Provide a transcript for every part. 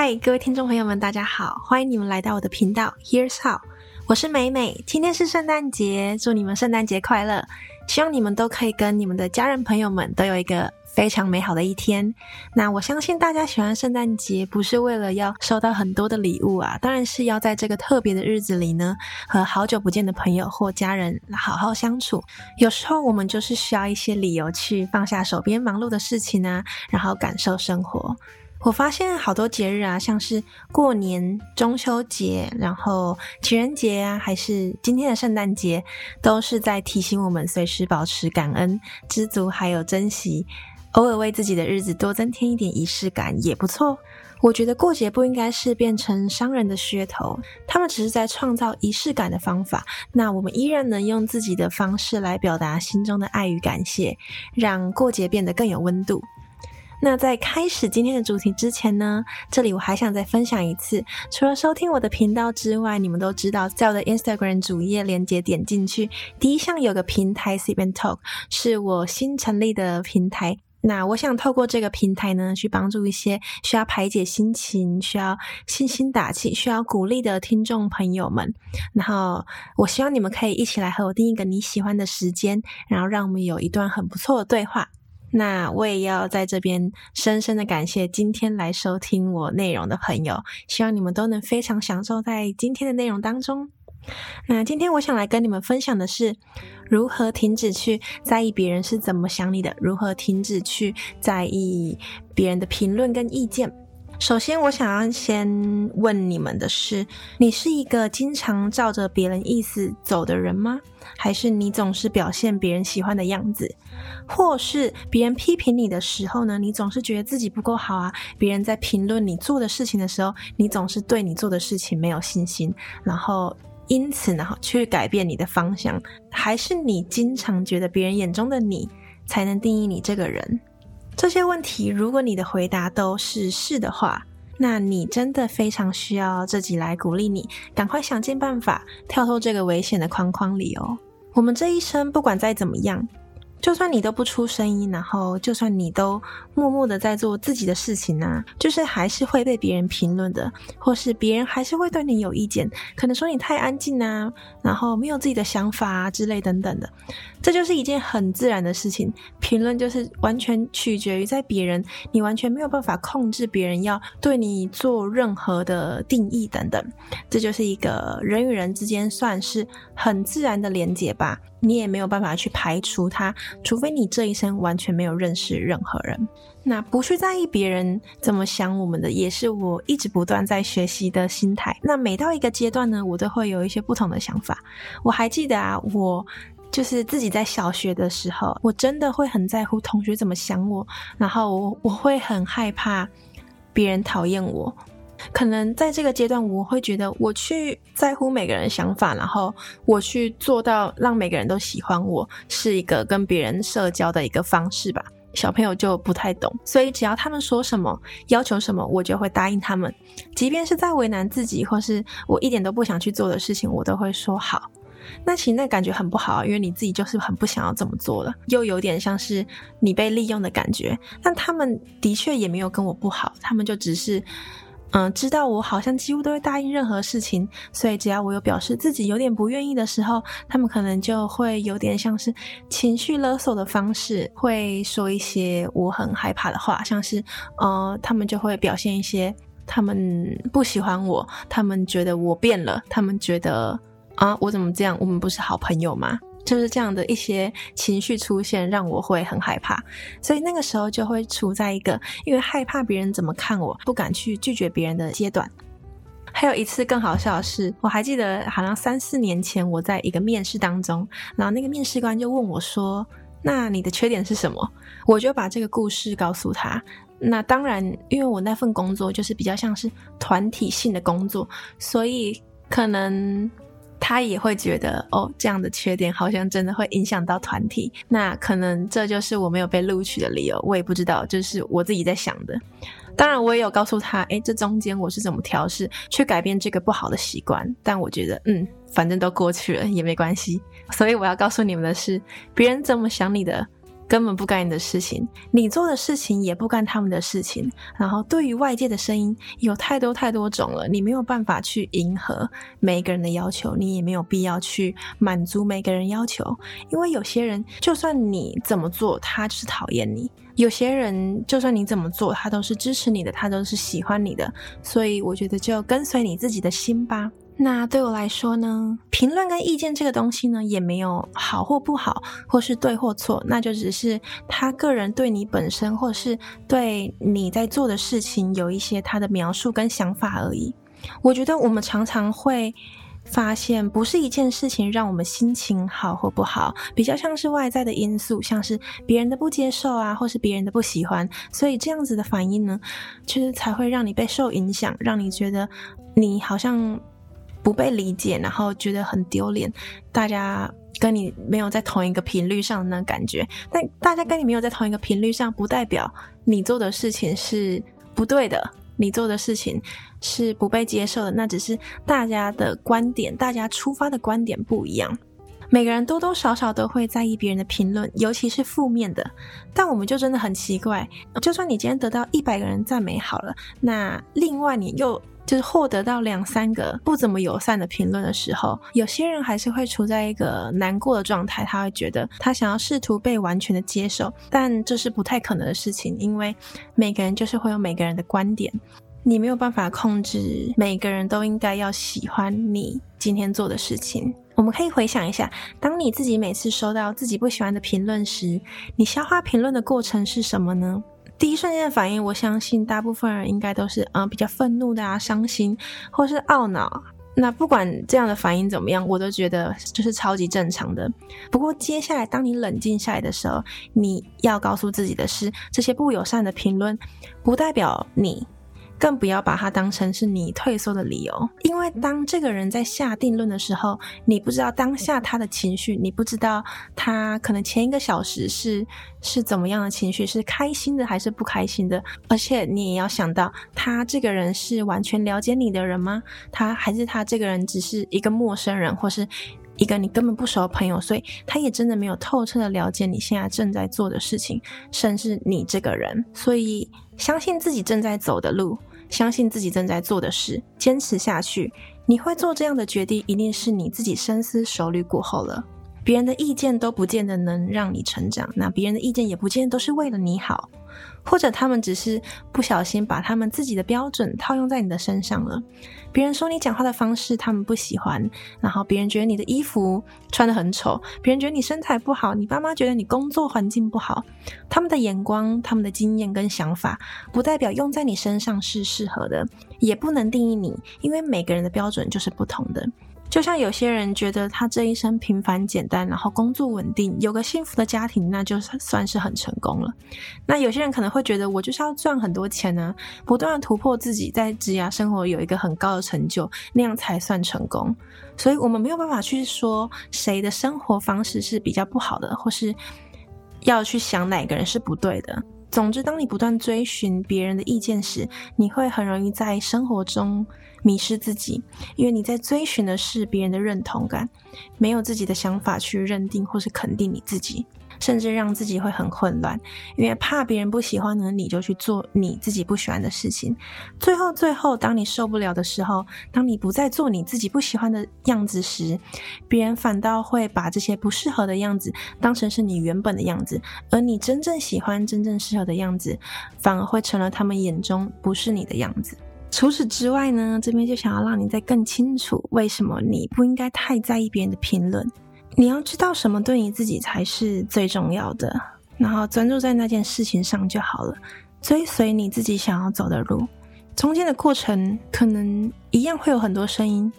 嗨，Hi, 各位聽眾朋友們，大家好，歡迎你們來到我的頻道。Here's How，我是美美，今天是聖誕節，祝你們聖誕節快樂，希望你們都可以跟你們的家人朋友們都有一個非常美好的一天。那我相信大家喜歡聖誕節，不是為了要收到很多的禮物啊，當然是要在這個特別的日子裡呢，和好久不見的朋友或家人好好相處。有時候我們就是需要一些理由去放下手邊忙碌的事情呢，啊，然後感受生活。我發現好多節日啊，像是過年、中秋節，然後情人節啊，還是今天的聖誕節，都是在提醒我們隨時保持感恩、知足，還有珍惜。偶爾為自己的日子多增添一點儀式感，也不錯。我覺得過節不應該是變成商人的噱頭，他們只是在創造儀式感的方法。那我們依然能用自己的方式來表達心中的愛與感謝，讓過節變得更有溫度。那在開始今天的主題之前呢，這裡我還想再分享一次。除了收聽我的頻道之外，你們都知道，在我的 Instagram 主頁鏈接點進去，第一項有個平台 Sip and Talk，是我新成立的平台。那我想透過這個平台呢，去幫助一些需要排解心情、需要信心打氣，需要鼓勵的聽眾朋友們。然後，我希望你們可以一起來和我訂一個你喜歡的時間，然後讓我們有一段很不錯的對話。那我也要在這邊深深的感謝今天來收聽我內容的朋友，希望你們都能非常享受在今天的內容當中。那今天我想來跟你們分享的是如何停止去在意別人是怎麼想你的，如何停止去在意別人的評論跟意見。首先，我想要先問你們的是：你是一個經常照着別人意思走的人嗎？還是你總是表現別人喜歡的樣子？或是別人批評你的時候呢，你總是覺得自己不夠好啊，別人在評論你做的事情的時候，你總是對你做的事情沒有信心，然後因此呢，去改變你的方向。還是你經常覺得別人眼中的你才能定義你這個人？這些問題，如果你的回答都是“是”的話，那你真的非常需要自己來鼓勵你，趕快想盡辦法跳脫這個危險的框框裡哦。我們這一生，不管再怎麼樣。就算你都不出聲音，然後就算你都默默的在做自己的事情呢、啊，就是還是會被別人評論的，或是別人還是會對你有意見，可能說你太安靜啊，然後沒有自己的想法啊之類等等的，這就是一件很自然的事情。評論就是完全取決於在別人，你完全沒有辦法控制別人要對你做任何的定義等等，這就是一個人與人之間算是很自然的連接吧。你也沒有辦法去排除他，除非你這一生完全沒有認識任何人。那不去在意別人怎麼想我們的，也是我一直不斷在學習的心態。那每到一個階段呢，我都會有一些不同的想法。我還記得啊，我就是自己在小學的時候，我真的會很在乎同學怎麼想我，然後我我會很害怕別人討厭我。可能在這個階段，我會覺得我去在乎每個人的想法，然後我去做到讓每個人都喜歡我，是一個跟別人社交的一個方式吧。小朋友就不太懂，所以只要他們說什麼、要求什麼，我就會答應他們，即便是在為難自己，或是我一點都不想去做的事情，我都會說好。那其實那感覺很不好，因為你自己就是很不想要這麼做了，又有點像是你被利用的感覺。但他們的確也沒有跟我不好，他們就只是。嗯，知道我好像幾乎都會答應任何事情，所以只要我有表示自己有點不願意的時候，他們可能就會有點像是情緒勒索的方式，會說一些我很害怕的話，像是呃，他們就會表現一些，他們不喜歡我，他們覺得我變了，他們覺得啊，我怎麼這樣？我們不是好朋友嗎？就是這樣的一些情緒出現，讓我會很害怕，所以那個時候就會處在一個因為害怕別人怎麼看我，我不敢去拒絕別人的階段。還有一次更好笑的是，我還記得好像三四年前，我在一個面試當中，然後那個面試官就問我說：“那你的缺點是什麼？”我就把這個故事告訴他。那當然，因為我那份工作就是比較像是團體性的工作，所以可能。他也會覺得，哦，這樣的缺點好像真的會影響到團體。那可能這就是我沒有被錄取的理由，我也不知道，就是我自己在想的。當然，我也有告訴他，哎，這中間我是怎麼調試去改變這個不好的習慣。但我覺得，嗯，反正都過去了，也沒關係。所以我要告訴你們的是，別人怎麼想你的，根本不干你的事情，你做的事情也不干他們的事情。然後對於外界的聲音，有太多太多種了，你沒有辦法去迎合每個人的要求，你也沒有必要去滿足每個人要求，因為有些人就算你怎麼做，他就是討厭你；有些人就算你怎麼做，他都是支持你的，他都是喜歡你的。所以我覺得就跟隨你自己的心吧。那對我來說呢，評論跟意見這個東西呢，也沒有好或不好，或是對或錯，那就只是他個人對你本身，或是對你在做的事情有一些他的描述跟想法而已。我覺得我們常常會發現，不是一件事情讓我們心情好或不好，比較像是外在的因素，像是別人的不接受啊，或是別人的不喜歡，所以這樣子的反應呢，其實才會讓你被受影響，讓你覺得你好像。不被理解，然後覺得很丟臉。大家跟你沒有在同一個頻率上的那感覺，但大家跟你沒有在同一個頻率上，不代表你做的事情是不對的，你做的事情是不被接受的。那只是大家的觀點，大家出發的觀點不一樣。每個人多多少少都會在意別人的評論，尤其是負面的。但我們就真的很奇怪，就算你今天得到一百個人讚美好了，那另外你又……就是獲得到兩三個不怎麼友善的評論的時候，有些人還是會處在一個難過的狀態，他會覺得他想要試圖被完全的接受，但這是不太可能的事情，因為每個人就是會有每個人的觀點，你沒有辦法控制每個人都應該要喜歡你今天做的事情。我們可以回想一下，當你自己每次收到自己不喜歡的評論時，你消化評論的過程是什麼呢？第一瞬間的反應，我相信大部分人應該都是啊、嗯、比較憤怒的啊傷心，或是懊惱。那不管這樣的反應怎麼樣，我都覺得就是超級正常的。不過接下來當你冷靜下來的時候，你要告訴自己的是，這些不友善的評論，不代表你。更不要把它當成是你退縮的理由，因為當這個人在下定論的時候，你不知道當下他的情緒，你不知道他可能前一個小時是是怎麼樣的情緒，是開心的還是不開心的。而且你也要想到，他這個人是完全了解你的人嗎？他還是他這個人只是一個陌生人，或是一個你根本不熟的朋友，所以他也真的沒有透徹的了解你現在正在做的事情，甚至你這個人。所以相信自己正在走的路。相信自己正在做的事，堅持下去。你會做這樣的決定，一定是你自己深思熟慮過後了。別人的意見都不見得能讓你成長，那別人的意見也不見得都是為了你好。或者他們只是不小心把他們自己的標準套用在你的身上了。別人說你講話的方式他們不喜歡，然後別人覺得你的衣服穿得很醜，別人覺得你身材不好，你爸媽覺得你工作環境不好，他們的眼光、他們的經驗跟想法，不代表用在你身上是適合的，也不能定義你，因為每個人的標準就是不同的。就像有些人覺得他這一生平凡簡單，然後工作穩定，有個幸福的家庭，那就算是很成功了。那有些人可能會覺得我就是要賺很多錢呢、啊，不斷的突破自己，在職涯生活有一個很高的成就，那樣才算成功。所以，我們沒有辦法去說誰的生活方式是比較不好的，或是要去想哪個人是不對的。總之，當你不斷追尋別人的意見時，你會很容易在生活中迷失自己，因為你在追尋的是別人的認同感，沒有自己的想法去認定或是肯定你自己。甚至讓自己會很混亂，因為怕別人不喜歡呢，你就去做你自己不喜歡的事情。最後，最後，當你受不了的時候，當你不再做你自己不喜歡的樣子時，別人反倒會把這些不適合的樣子當成是你原本的樣子，而你真正喜歡、真正適合的樣子，反而會成了他們眼中不是你的樣子。除此之外呢，這邊就想要讓你再更清楚為什麼你不應該太在意別人的評論。你要知道什麼對你自己才是最重要的，然後專注在那件事情上就好了。追隨你自己想要走的路，中間的過程可能一樣會有很多聲音，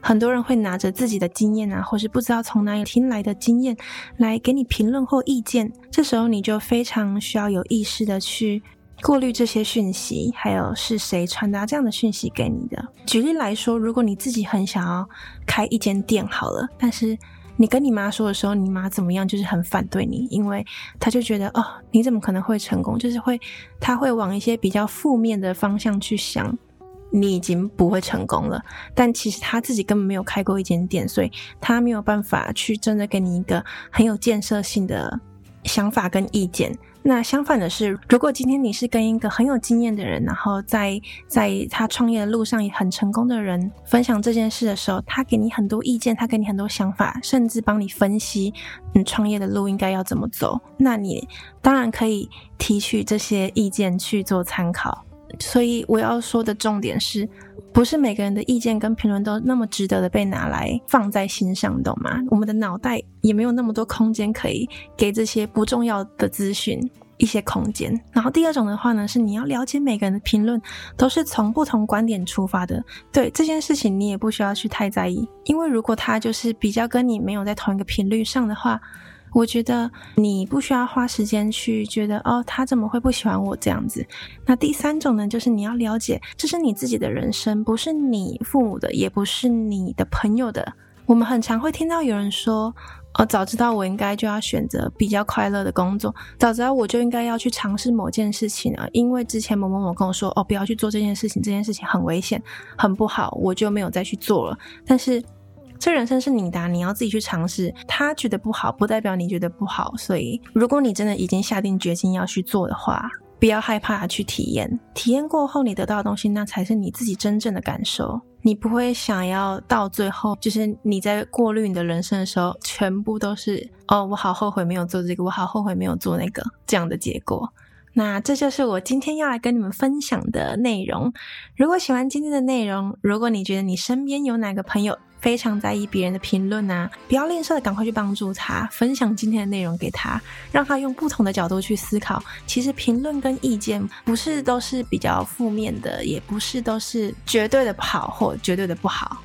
很多人會拿着自己的經驗啊，或是不知道從哪裡聽來的經驗來給你評論或意見。這時候你就非常需要有意識的去過濾這些訊息，還有是誰傳達這樣的訊息給你的。舉例來說，如果你自己很想要開一間店好了，但是你跟你媽說的時候，你媽怎麼樣？就是很反對你，因為她就覺得哦，你怎麼可能會成功？就是會，她會往一些比較負面的方向去想，你已經不會成功了。但其實她自己根本沒有開過一間店，所以她沒有辦法去真的給你一個很有建設性的。想法跟意見。那相反的是，如果今天你是跟一個很有經驗的人，然後在在他創業的路上也很成功的人分享這件事的時候，他給你很多意見，他給你很多想法，甚至幫你分析你創，嗯、創業的路應該要怎麼走，那你當然可以提取這些意見去做參考。所以我要說的重點是。不是每個人的意見跟評論都那麼值得的被拿來放在心上，懂嗎？我們的腦袋也沒有那麼多空間可以給這些不重要的資訊一些空間。然後第二種的話呢，是你要了解每個人的評論都是從不同觀點出發的。對，這件事情你也不需要去太在意，因為如果他就是比較跟你沒有在同一個頻率上的話。我覺得你不需要花時間去覺得哦，他怎麼會不喜歡我這樣子？那第三種呢，就是你要了解，這是你自己的人生，不是你父母的，也不是你的朋友的。我們很常會聽到有人說，哦，早知道我應該就要選擇比較快樂的工作，早知道我就應該要去嘗試某件事情了，因為之前某某某跟我說，哦，不要去做這件事情，這件事情很危險，很不好，我就沒有再去做了。但是，這人生是你的，啊，你要自己去嘗試。他覺得不好，不代表你覺得不好。所以，如果你真的已經下定決心要去做的話，不要害怕、啊、去體驗。體驗過後，你得到的東西，那才是你自己真正的感受。你不會想要到最後，就是你在過濾你的人生的時候，全部都是哦，我好後悔沒有做這個，我好後悔沒有做那個這樣的結果。那這就是我今天要來跟你們分享的內容。如果喜歡今天的內容，如果你覺得你身邊有哪個朋友，非常在意別人的評論啊！不要吝嗇的趕快去幫助他，分享今天的內容給他，讓他用不同的角度去思考。其實評論跟意見不是都是比較負面的，也不是都是絕對的好或絕對的不好。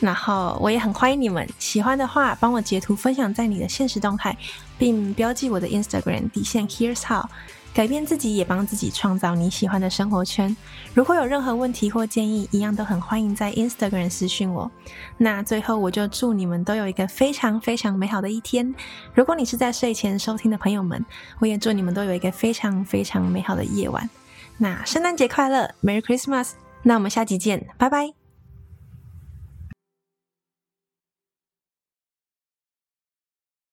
然後我也很歡迎你們，喜歡的話幫我截圖分享在你的限時動態，並標記我的 Instagram 底線 Here's How。改變自己，也幫自己創造你喜歡的生活圈。如果有任何問題或建議，一樣都很歡迎在 Instagram 私訊我。那最後，我就祝你們都有一個非常非常美好的一天。如果你是在睡前收聽的朋友們，我也祝你們都有一個非常非常美好的夜晚。那聖誕節快樂，Merry Christmas！那我們下集見，拜拜。